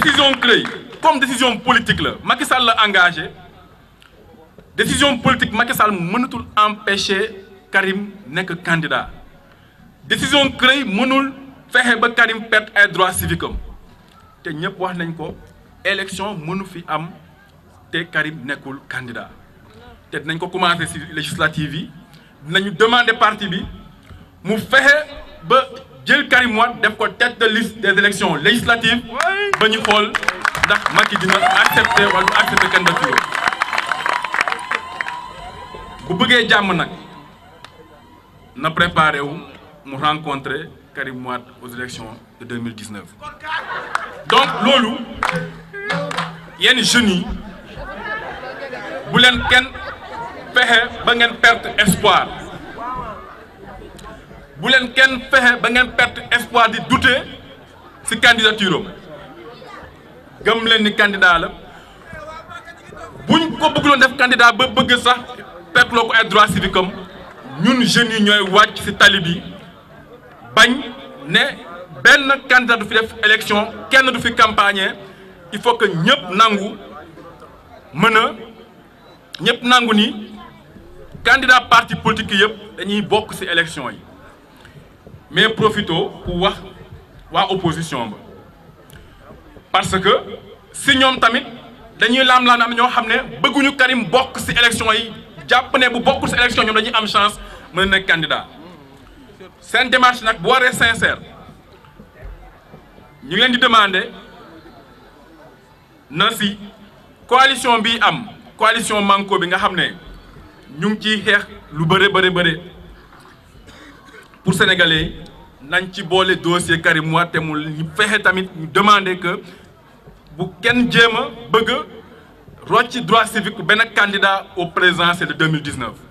décision CREI comme décision politique la Macky Sall la engagé décision politique Macky Sall mënatul empêcher Karim nekk candidat décision CREI mënul fexe ba Karim perte ay droits civiques te ñëpp wax nañ ko élection mënu fi am te Karim nekkul candidat te dinañ ko commencé ci législative yi dinañu demande parti bi mu fexe ba jël Karim Wade def ko tête de liste des élections législatives ba ñu xool ndax Macky dina accepté wala du accepté candidature bu bëggee jàmm nag na préparé wu mu rencontré Karim Wade aux élections de 2019 donc loolu yenn jeunes yi bu leen kenn fexe ba ngeen perte espoir bu leen kenn fexe ba ngeen perte espoir di douter ci candidature gëm leen ni candidat la buñ ko bëgguloon def candidat ba bëgg sax pertloo ko ay droit civique am ñun jeunes yi ñooy wàcc ci tali bi bañ ne benn candidat du fi def élection kenn du fi campagne il faut que ñëpp nangu mën a ñëpp nangu ni candidat parti politique yëpp dañuy bokk ci élection yi mais profito pour wax waa opposition ba parce que si ñoom tamit dañuy laam-laam ñoo xam ne bëgguñu Karim bokk si élection yi jàpp ne bu bokkul si élection ñoom dañuy am chance mën a nekk candidat seen démarche nag bu waree sincère ñu ngi leen di demander na si coalition bi am coalition manko bi nga xam ne ñu ngi ciy xeex lu bëre bëre bëre pour sénégalais nañ ci boole dossier Karim Wade te mu fexe tamit ñu demander que bu kenn jéem a bëgg rocci droit civique benn candidat au présidentiel de 2019